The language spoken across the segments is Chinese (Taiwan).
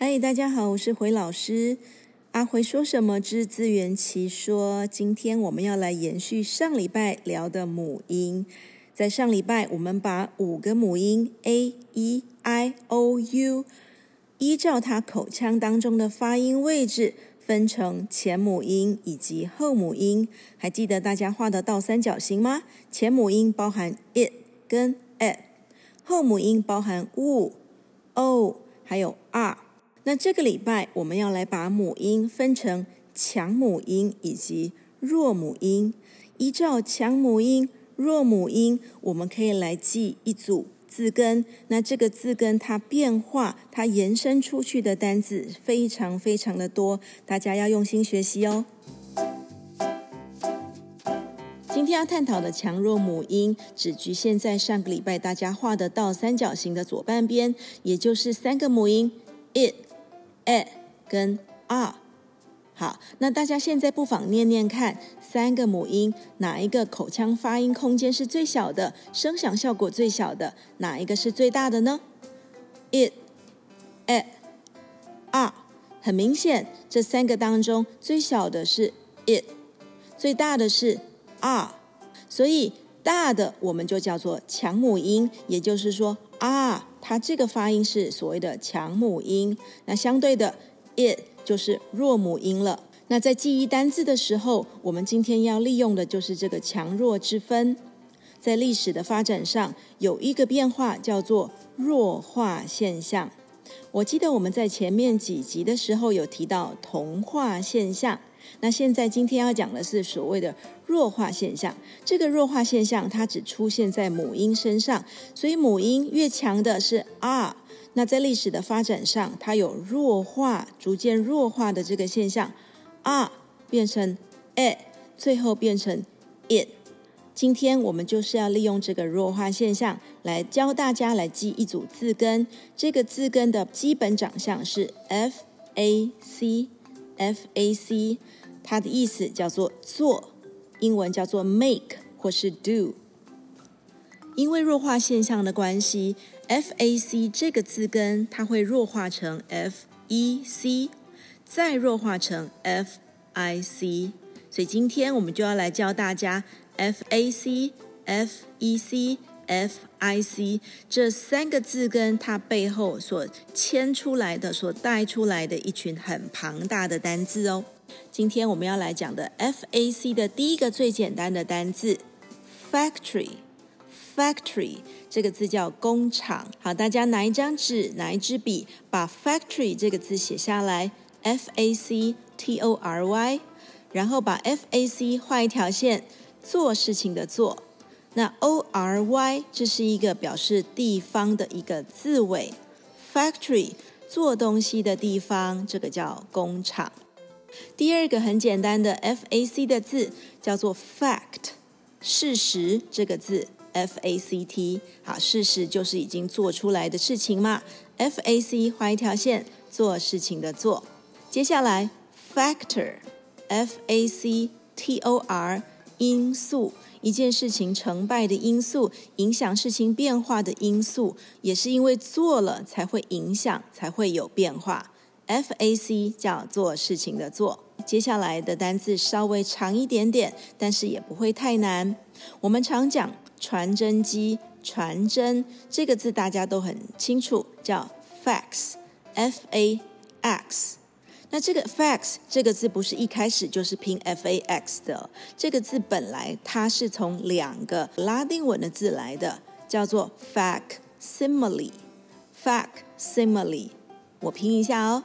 嗨、hey，大家好，我是回老師。阿回說什麼之自圓其說。今天我們要來延續上禮拜聊的母音。在上禮拜，我們把五個母音 a、e、i、o、u，依照它口腔當中的發音位置，分成前母音以及後母音。還記得大家畫的倒三角形嗎？前母音包含 it 跟 at，後母音包含 u、o 還有 a。那這個禮拜我們要來把母音分成強母音以及弱母音。依照強母音、弱母音，我們可以來記一組字根。那這個字根它變化、它延伸出去的單字非常非常的多，大家要用心學習哦。今天要探討的強弱母音，只局限在上個禮拜大家畫的倒三角形的左半邊，也就是三個母音，it。i 跟啊。好，那大家現在不妨念念看，三個母音哪一個口腔發音空間是最小的，聲響效果最小的，哪一個是最大的呢？it、誒、啊。很明顯，這三個當中最小的是 it，最大的是啊。所以大的我們就叫做強母音，也就是說啊。它這個發音是所謂的強母音，那相對的，it 就是弱母音了。那在記憶單字的時候，我們今天要利用的就是這個強弱之分。在歷史的發展上，有一個變化叫做弱化現象。我記得我們在前面幾集的時候有提到同化現象。那現在今天要講的是所謂的弱化現象。這個弱化現象它只出現在母音身上，所以母音越強的是 a。那在歷史的發展上，它有弱化，逐漸弱化的這個現象，a 變成 e 最後變成 i。今天我們就是要利用這個弱化現象來教大家來記一組字根。這個字根的基本長相是 F A C，F A C。它的意思叫做“做”，英文叫做 “make” 或是 “do”。因為弱化現象的關係，“fac” 這個字根它會弱化成 “fec”，再弱化成 “fic”。所以今天我們就要來教大家 “fac”、“fec”、“fic” 這三個字根，它背後所牽出來的、所帶出來的一群很龐大的單字哦。今天我們要來講的 F A C 的第一個最簡單的單字 factory。factory 這個字叫工廠。好，大家拿一張紙，拿一支筆，把 factory 這個字寫下來，F A C T O R Y，然後把 F A C 畫一條線，做事情的做。那 O R Y 這是一個表示地方的一個字尾，factory 做東西的地方，這個叫工廠。第二個很簡單的 f a c 的字叫做 fact，事實這個字 f a c t，好，事實就是已經做出來的事情嘛。f a c，畫一條線，做事情的做。接下來 factor，f a c t o r，因素，一件事情成敗的因素，影響事情變化的因素，也是因為做了才會影響，才會有變化。F A C 叫做事情的做，接下來的單字稍微長一點點，但是也不會太難。我們常講傳真機，傳真這個字大家都很清楚，叫 fax，F A X。那這個 fax 這個字不是一開始就是拼 F A X 的，這個字本來它是從兩個拉丁文的字來的，叫做 facsimile，facsimile。facsimile，我拼一下哦。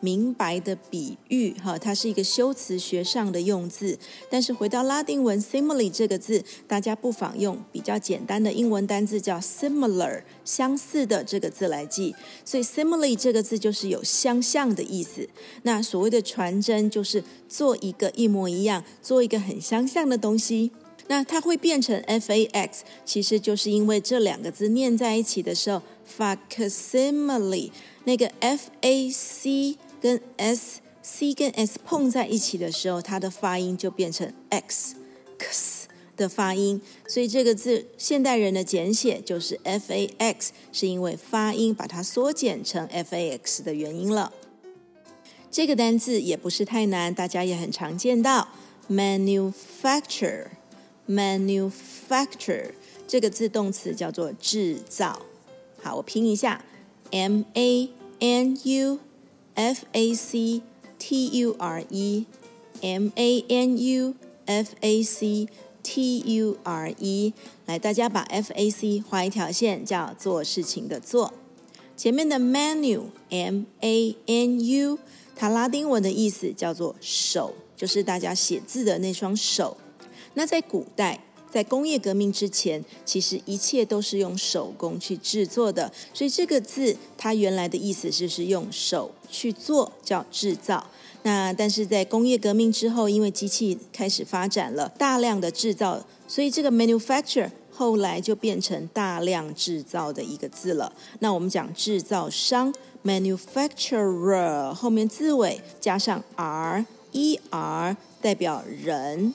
明白的比喻，哈，它是一個修辭學上的用字。但是回到拉丁文 simile 這個字，大家不妨用比較簡單的英文單字叫 similar，相似的這個字來記。所以 simile 這個字就是有相像的意思。那所謂的傳真，就是做一個一模一樣，做一個很相像的東西。那它會變成 fax，其實就是因為這兩個字念在一起的時候，facsimile 那個 f-a-c。跟 s c 跟 s 碰在一起的時候，它的發音就變成 x 克斯的發音，所以這個字現代人的簡寫就是 f a x，是因為發音把它縮減成 f a x 的原因了。這個單字也不是太難，大家也很常見到 manufacture。manufacture 這個字動詞叫做製造。好，我拼一下 m a n u F A C T U R E M A N U F A C T U R E，來，大家把 F A C 畫一條線，叫做事情的做。前面的 MANU M A N U，它拉丁文的意思叫做手，就是大家寫字的那雙手。那在古代。在工業革命之前，其實一切都是用手工去製作的，所以這個字它原來的意思就是，是用手去做，叫製造。那但是在工業革命之後，因為機器開始發展了，大量的製造，所以這個 manufacture 後來就變成大量製造的一個字了。那我們講製造商 （manufacturer），後面字尾加上 er，er 代表人。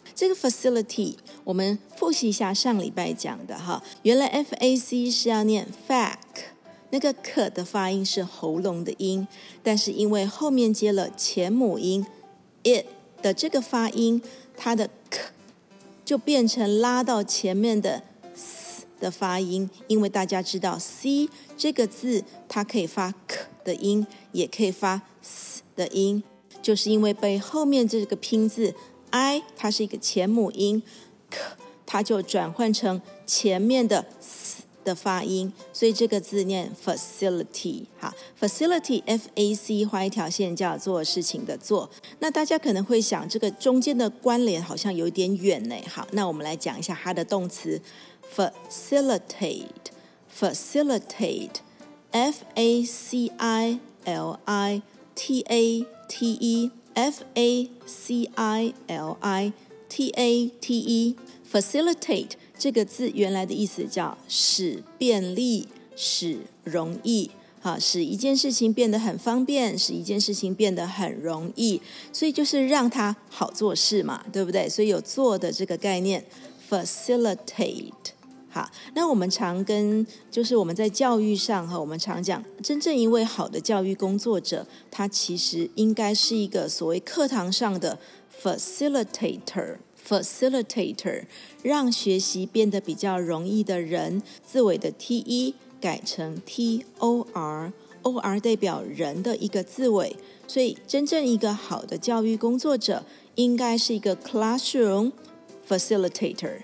這個 facility，我們複習一下上禮拜講的哈。原來 FAC 是要念 fac，那個可的發音是喉嚨的音，但是因為後面接了前母音 it 的這個發音，它的 k 就變成拉到前面的 s 的發音。因為大家知道 c 這個字，它可以發 k 的音，也可以發 s 的音，就是因為被後面這個拼字。i 它是一個前母音，k 它就轉換成前面的 s 的發音，所以這個字念 facility。哈，facility f a c 畫一條線叫做事情的做。那大家可能會想，這個中間的關聯好像有點遠呢。好，那我們來講一下它的動詞 facilitate，facilitate facilitate，f a c i l i t a t e。F-A-C-I-L-I-T-A-T-E，facilitate 這個字原來的意思叫使便利、使容易，哈，使一件事情變得很方便，使一件事情變得很容易，所以就是讓它好做事嘛，對不對？所以有做的這個概念，facilitate。好，那我們常跟就是我們在教育上哈，我們常講，真正一位好的教育工作者，他其實應該是一個所謂課堂上的 facilitator，facilitator facilitator, 讓學習變得比較容易的人，字尾的 T E 改成 T O R，O R 代表人的一個字尾，所以真正一個好的教育工作者應該是一個 classroom facilitator。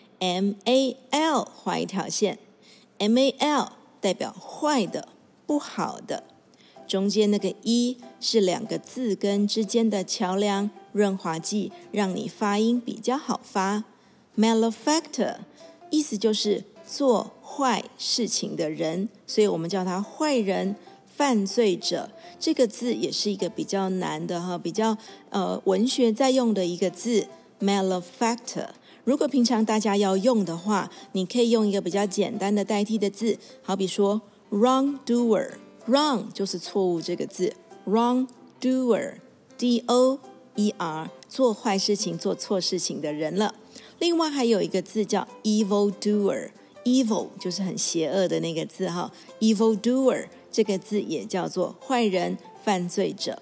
m a l 畫一條線，m a l 代表壞的、不好的，中間那個 e，是兩個字根之間的橋樑，潤滑劑，讓你發音比較好發。malefactor 意思就是做壞事情的人，所以我們叫他壞人、犯罪者。這個字也是一個比較難的哈，比較呃文學在用的一個字，malefactor。如果平常大家要用的話，你可以用一個比較簡單的代替的字，好比說 wrongdoer, wrong doer，wrong 就是錯誤這個字，wrong doer，d o e r，做壞事情、做錯事情的人了。另外還有一個字叫 evildoer, evil doer，evil 就是很邪惡的那個字哈，evil doer 這個字也叫做壞人、犯罪者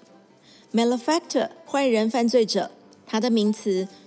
，malefactor 壞人、犯罪者，它的名詞。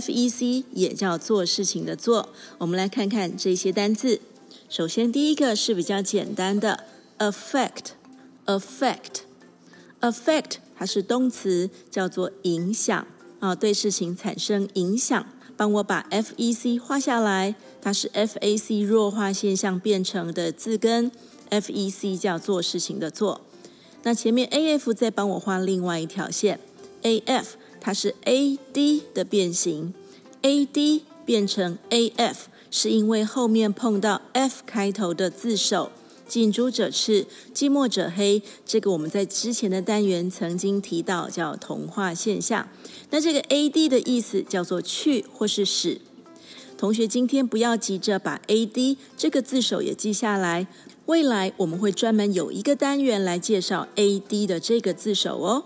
FEC 也叫做事情的做，我們來看看這些單字。首先第一個是比較簡單的 affect，affect，affect Affect, Affect 它是動詞，叫做影響啊，對事情產生影響。幫我把 FEC 畫下來，它是 FAC 弱化現象變成的字根，FEC 叫做事情的做。那前面 AF 再幫我畫另外一條線，AF。它是 a d 的變形，a d 變成 a f 是因為後面碰到 f 開頭的字首，近朱者赤，近墨者黑。這個我們在之前的單元曾經提到，叫同化現象。那這個 a d 的意思叫做去或是使。同學今天不要急着把 a d 這個字首也記下來，未來我們會專門有一個單元來介紹 a d 的這個字首哦。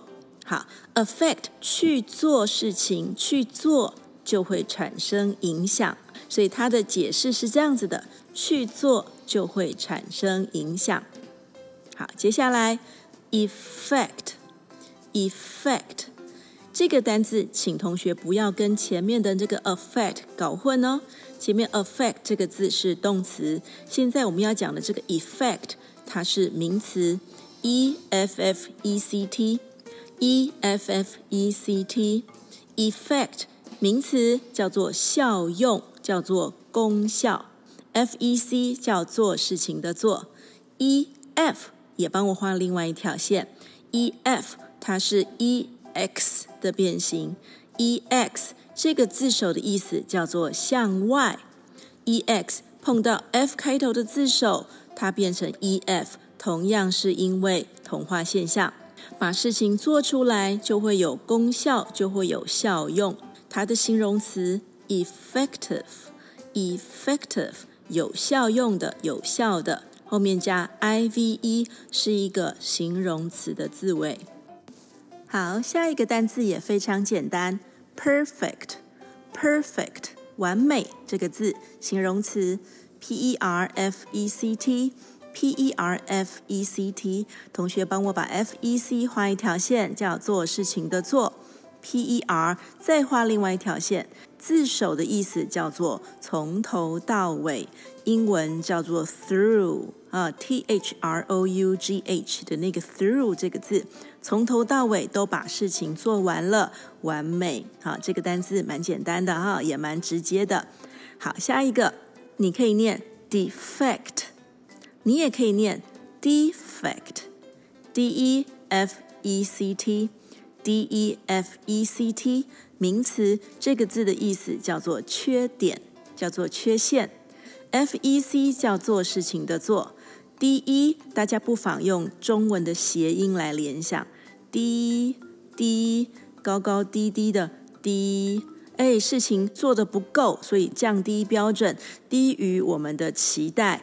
好，affect 去做事情，去做就會產生影響，所以它的解釋是這樣子的：去做就會產生影響。好，接下來 effect effect 這個單字請同學不要跟前面的這個 affect 搞混哦。前面 affect 這個字是動詞，現在我們要講的這個 effect 它是名詞，E F F E C T。e f f e c t effect 名詞叫做效用，叫做功效。f e c 叫做事情的做。e f 也幫我畫另外一條線。e f 它是 e x 的變形。e x 這個字首的意思叫做向外。e x 碰到 f 開頭的字首，它變成 e f，同樣是因為同化現象。把事情做出來，就會有功效，就會有效用。它的形容詞 effective，effective effective，有效用的，有效的，後面加 i v e 是一個形容詞的字尾。好，下一個單字也非常簡單，perfect，perfect perfect，完美這個字，形容詞 p e r f e c t。Perfect，同學，幫我把 F E C 畫一條線，叫做事情的做。P E R 再畫另外一條線，字首的意思叫做從頭到尾，英文叫做 through 啊，T H R O U G H 的那個 through 這個字，從頭到尾都把事情做完了，完美。好，啊，這個單字蠻簡單的哈，啊，也蠻直接的。好，下一個你可以念 defect。你也可以念 defect，d e f e c t，d e f e c t 名詞，這個字的意思叫做缺點，叫做缺陷。f e c 叫做事情的做，d e 大家不妨用中文的諧音來聯想，低低高高低低的低，誒、欸，事情做得不夠，所以降低標準，低於我們的期待。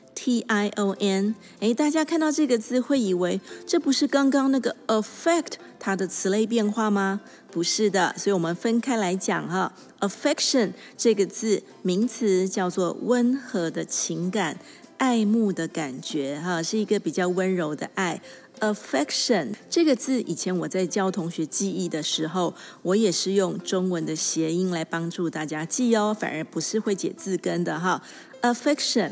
T I O N，哎，大家看到這個字會以為這不是剛剛那個 affect 它的詞類變化嗎？不是的，所以我們分開來講哈。affection 這個字，名詞叫做溫和的情感、愛慕的感覺，哈，是一個比較溫柔的愛。affection 這個字，以前我在教同學記憶的時候，我也是用中文的諧音來幫助大家記哦，反而不是會寫字根的哈。affection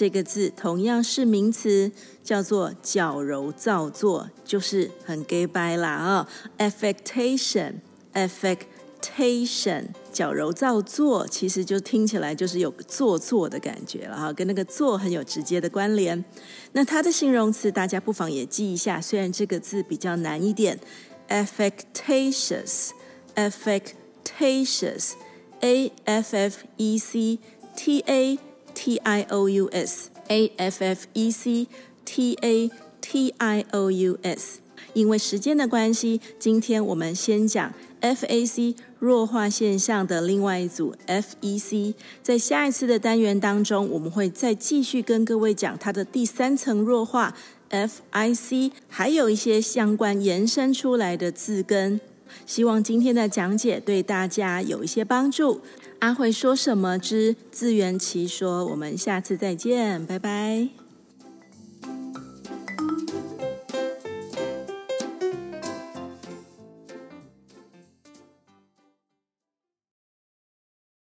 這個字同樣是名詞，叫做矯揉造作，就是很假掰啦，啊，affectation，affectation，矯揉造作其實就聽起來就是有做作的感覺了哈，跟那個做很有直接的關聯。那它的形容詞大家不妨也記一下，雖然這個字比較難一點，affectatious，affectatious，a f f e c t a。t i o u s a f f e c t a t i o u s，因為時間的關係，今天我們先講 f a c 弱化現象的另外一組 f e c，在下一次的單元當中，我們會再繼續跟各位講它的第三層弱化 f i c，還有一些相關延伸出來的字根。希望今天的講解對大家有一些幫助。阿慧說什麼之自圓其說，我們下次再見，拜拜。